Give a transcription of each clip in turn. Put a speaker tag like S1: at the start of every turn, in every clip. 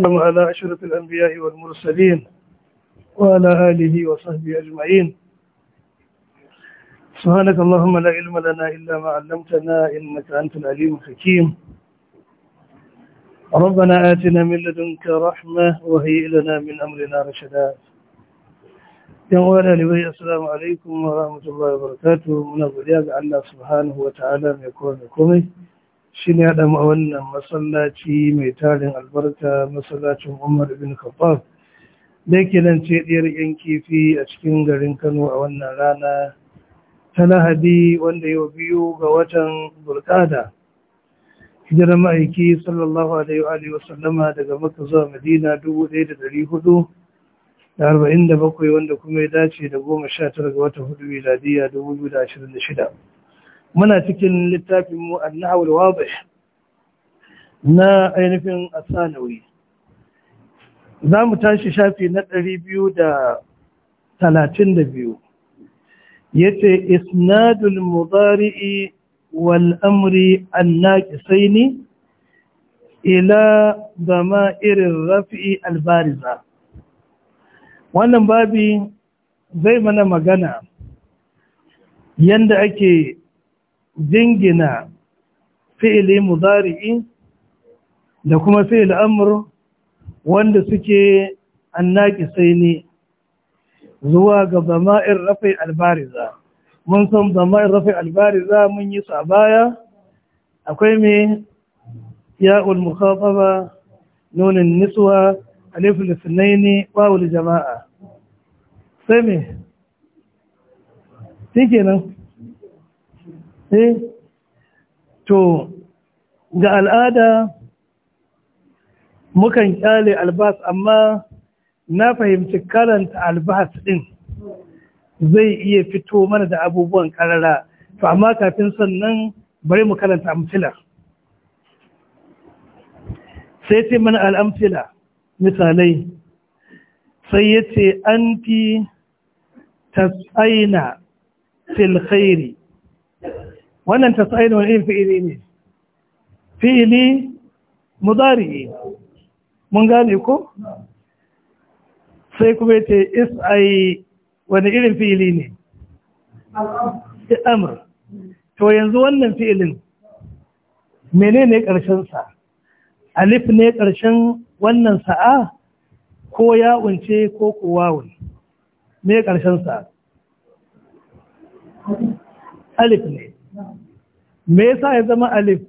S1: وسلم على أشرف الأنبياء والمرسلين وعلى آله وصحبه أجمعين سبحانك اللهم لا علم لنا إلا ما علمتنا إنك أنت العليم الحكيم ربنا آتنا من لدنك رحمة وهيئ لنا من أمرنا رشدا يوانا لبي السلام عليكم ورحمة الله وبركاته من أبو الله سبحانه وتعالى يكون لكم shi ne haɗa a wannan masallaci mai tarin albarka masallacin umar ibn khattab da yake nan ce ɗiyar yan kifi a cikin garin kano a wannan rana ta lahadi wanda yau biyu ga watan burkada hijirar ma'aiki sallallahu alaihi wa sallama daga maka zuwa madina dubu ɗaya da ɗari hudu da arba'in da bakwai wanda kuma ya dace da goma sha tara ga watan hudu miladiya dubu biyu da ashirin da shida muna cikin littafinmu, mu annahul na ainihin asanawi za mu tashi shafi na ɗari biyu da talatin da biyu ya ce isnadul mubari'i wal amri sai ne ila zama irin rafi'i albariza wannan babi zai mana magana yanda ake jingina fi'ili muzari'i da kuma fi'il amur wanda suke sai ne zuwa ga zama'ir rafi albariza mun san zama'ir rafi albariza mun yi su a baya akwai mai ya'ul mukhataba nunin niswa alifin sunaini bawul jama'a sai mai shi kenan Eh? to ga al'ada mukan kyale albas amma na fahimci karanta albas din zai iya fito mana da abubuwan karara to amma kafin sannan bari mu karanta amfila sai ce mana al'amsila misalai sai ya ce an fi tas'aina fil wannan tasa'id wani irin fi'ili ne fi'ili mudari mun gane ko sai kuma yace is'ai wani irin fi'ili ne amr to yanzu wannan fi'ilin menene karshen sa alif ne ƙarshen wannan sa'a ko ya ce ko kuwawun me karshen sa alif ne me yasa ya zama alif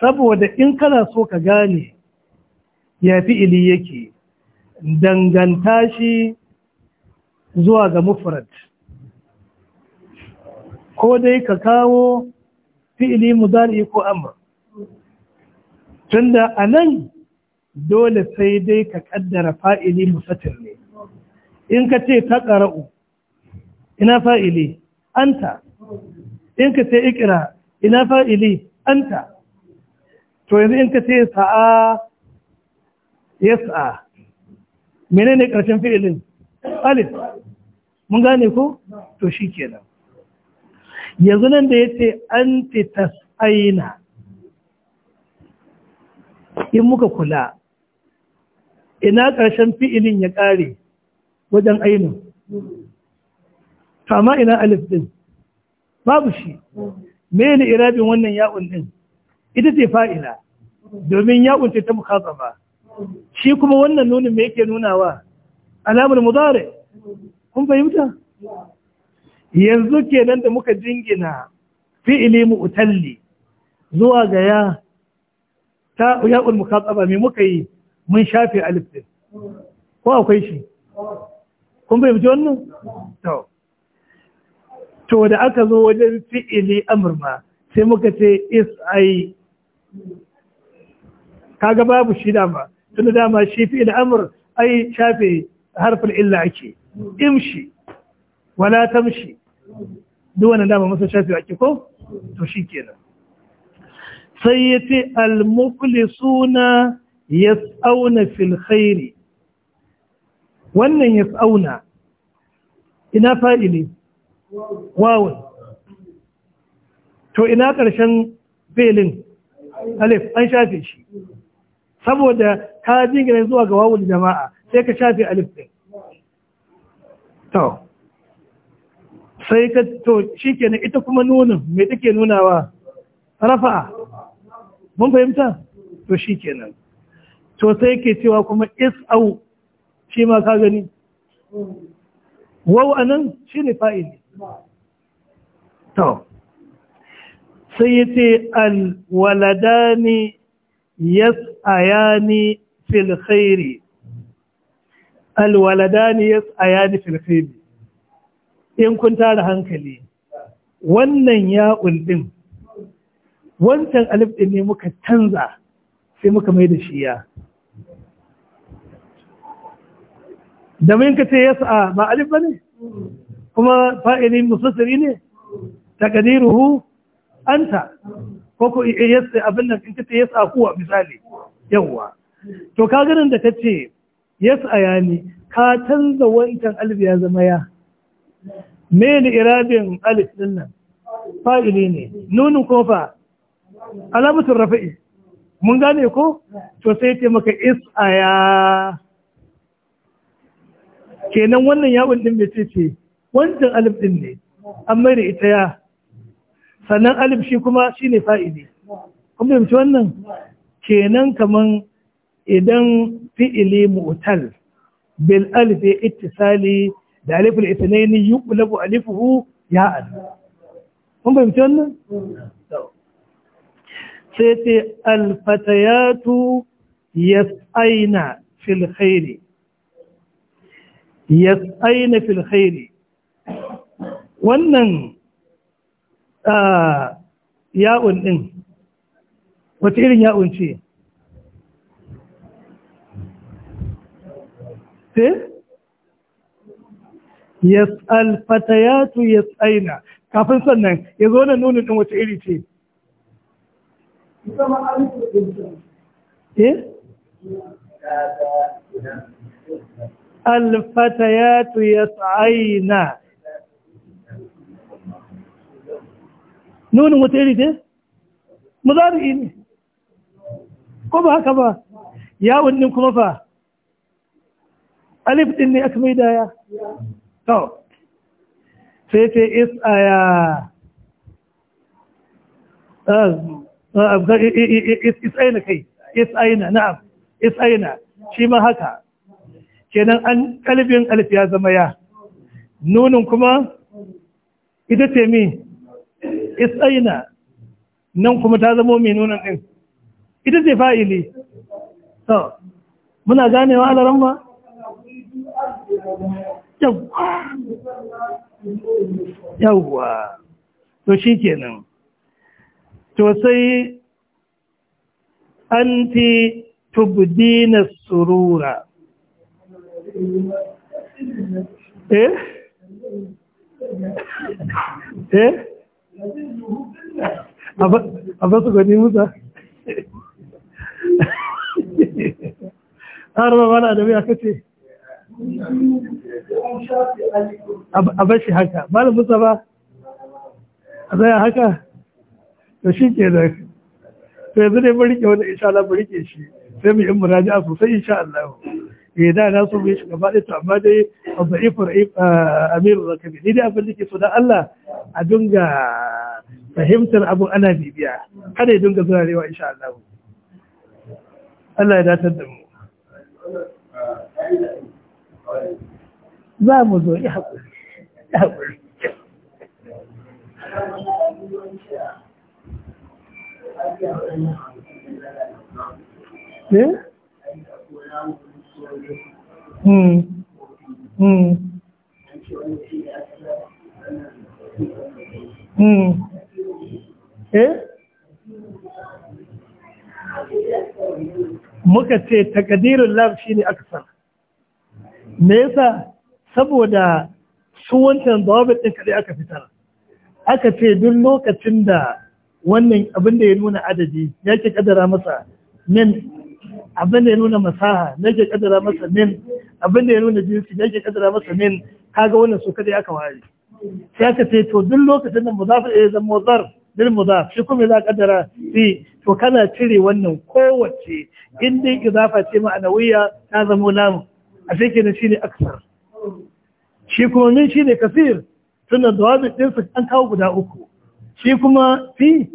S1: saboda in kana so ka gane ya fi'ili yake danganta shi zuwa ga mufrad ko dai ka kawo fi'ili mudari ko amr tunda anan dole sai dai ka kaddara fa'ili musatir ne in ka ce ta ƙara'u ina fa'ili anta in ka ce ikira ina fa'ili anta to yanzu in ka ce sa'a yas'a menene ƙarshen fi'ilin alif mun gane ku? to shi kenan yanzu nan da ya ce an tas'aina in muka kula ina ƙarshen fi'ilin ya ƙare wajen ainihin to amma ina alif din babu shi me irabin wannan ya'un din ita ce fa'ila domin ya'un ce ta mukhatsaba shi kuma wannan nunin me yake nunawa alamul mudari kun fahimta yanzu kenan da muka jingina fi'ili mu'talli zuwa ga ya ta ya'ul mukhatsaba me muka yi mun shafe alif din ko akwai shi kun fahimci wannan to to da aka zo wajen fi'ili amurma sai muka ce is ai kaga babu shi dama tunda dama shi fi'ili amur ai shafe harfin illa ake imshi wala tamshi duk wani dama masa shafe ake ko to shi kenan sai ya ce suna ya tsauna filhairi wannan ya tsauna ina fa'ili wawun to ina ƙarshen belin alif an shafe shi saboda ka jingina zuwa ga wawun jama'a sai ka shafe alif ɗin to sai ka to shi kenan ita kuma nunin mai take nunawa rafa'a mun fahimta to shi kenan to sai ke cewa kuma is'au shi ma ka gani wau anan shi ne fa'ili to sai ya ce ne yas'ayani fil khairi alwaladani yas'ayani fil khairi in kun tara hankali wannan ya'ul din wancan alif din ne muka canza sai muka mai da shiya da mun ka ce yas'a ba alif bane kuma fa'ilin musassiri ne an ta ko ko yasa abin nan in kace yasa kuwa misali Yauwa. to ka ganin da ce yasa yani ka canza wancan albiya zama ya me irabin alif din nan fa'ili ne nunu ko fa alamatul rafi'i mun gane ko to sai ce maka ya kenan wannan yawon din bai ce wancan alif din ne an mai da ita ya sannan alif shi kuma shi ne fa'ili kun fahimci wannan kenan kaman idan fi'ili mu'tal bil alif ya ittisali da alif al-ithnaini ya alifuhu ya'an kun fahimci wannan sai ce alfatayatu yas'aina fil khairi yas'aina fil khairi wannan ya'un ɗin wata irin ya'un ce ce eh? yas'al fatayatu yas'aina kafin sannan ya zo na nunin ɗin wata iri ce eh? ya yas'aina nunin wata iri ce muzari ne ko ba haka ba yawon din kuma fa alif din ne aka mai daya to sai ce isaya ah, ah, ah, isaina kai isaina na'am isaina shi ma haka kenan an kalbin alif ya zama ya nunin kuma ita ce mi isaina nan kuma ta zamo mai nunan ɗin ita ce fa'ili so muna ganewa alaran ba yawwa to shi nan to sai anti tubdina surura eh eh a basu gani musa har ba mana da wuya kace a bashi haka malam musa ba a zaya haka da shi ke da Sai yanzu ne bari ke wani insha Allah bari ke shi sai mu yi muraja'a sosai insha Allah ya eh, da na so mu yi shi gaba ɗaya to amma dai a za'ifar da zakabi ni dai abin da ke so da Allah a dunga fahimtar abu ana bibiya kada ya dunga zuwa rewa insha Allah Allah ya datar da mu za mu zo ya haƙuri eh? Hmm. Hmm. you. Hmm. Eh? muka ce takadirin lab shi ne aksar me yasa saboda su wancan zawabin ɗin kaɗai aka fitar aka ce duk lokacin da wannan abin da ya nuna adadi ya ke kadara masa min abin da ya nuna masaha ya ke kadara masa min abin da ya nuna jinsi ya ke kadara masa min kaga wannan su kaɗai aka ware sai aka ce to duk lokacin da mudaf ya eh, zama zar bil muzaf shi kuma za kadara fi to kana cire wannan kowace in dai idafa ce ma'anawiyya ta zama lamu a sai kenan shine aksar shi kuma min shine kasir tunda dawabi din su an kawo guda uku shi kuma fi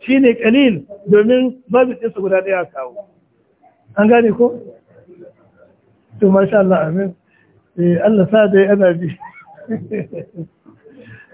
S1: shine kalil domin babu din su guda daya kawo an gane ko to masha Allah amin eh Allah sa dai ana bi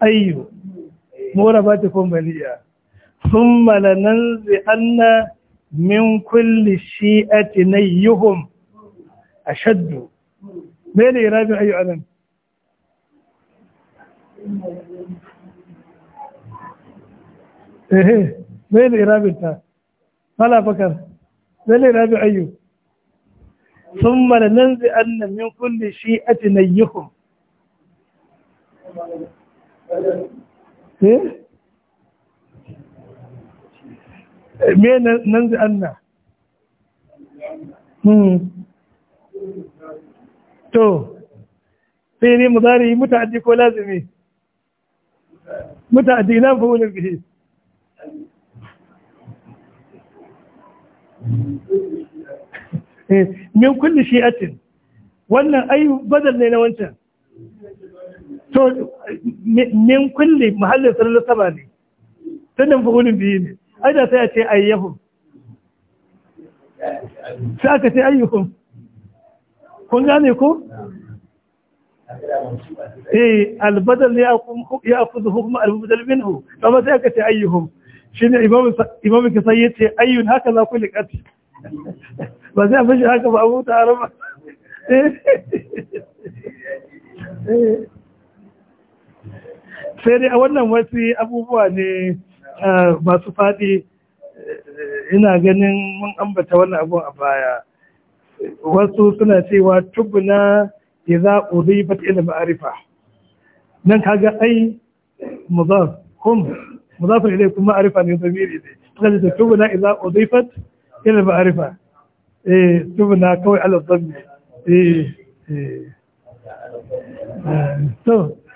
S1: ayyu murabatukum baliya thumma lananzi anna min kulli shi'ati nayyuhum ashaddu me ne rabin ayyu alam eh me ne rabi ta fala bakar me ne rabin ayyu thumma lananzi anna min kulli shi'ati nayyuhum Eh, me nan zai anna hmm. to sai ne mu zari muta'addi ko lazimi muta'addi na fa'ulun bihi eh, min kulli shi'atin wannan ai badal ne na wancan to min kulli mahallin sun nasaba ne tunan fa'ulin biyu ne ai da sai a ce ayyahum sai aka ce ayyukum kun gane ko eh albadal ya akuzu hukuma albadal minhu amma sai aka ce ayyuhum shine imam imam kasai yace ayyun haka za ku liƙati ba sai a fashi haka ba abu ta araba eh eh sai dai a wannan wasu abubuwa ne eh, masu faɗi eh, ina ganin mun ambata wannan abu a baya wasu suna cewa tubuna idza udifat ila ma'rifa nan kaga ai mudaf hum kuma ma'rifa ne miri ne kaga da tubuna idza udifat ila ma'rifa eh tubuna kawai ala dhammi eh eh, eh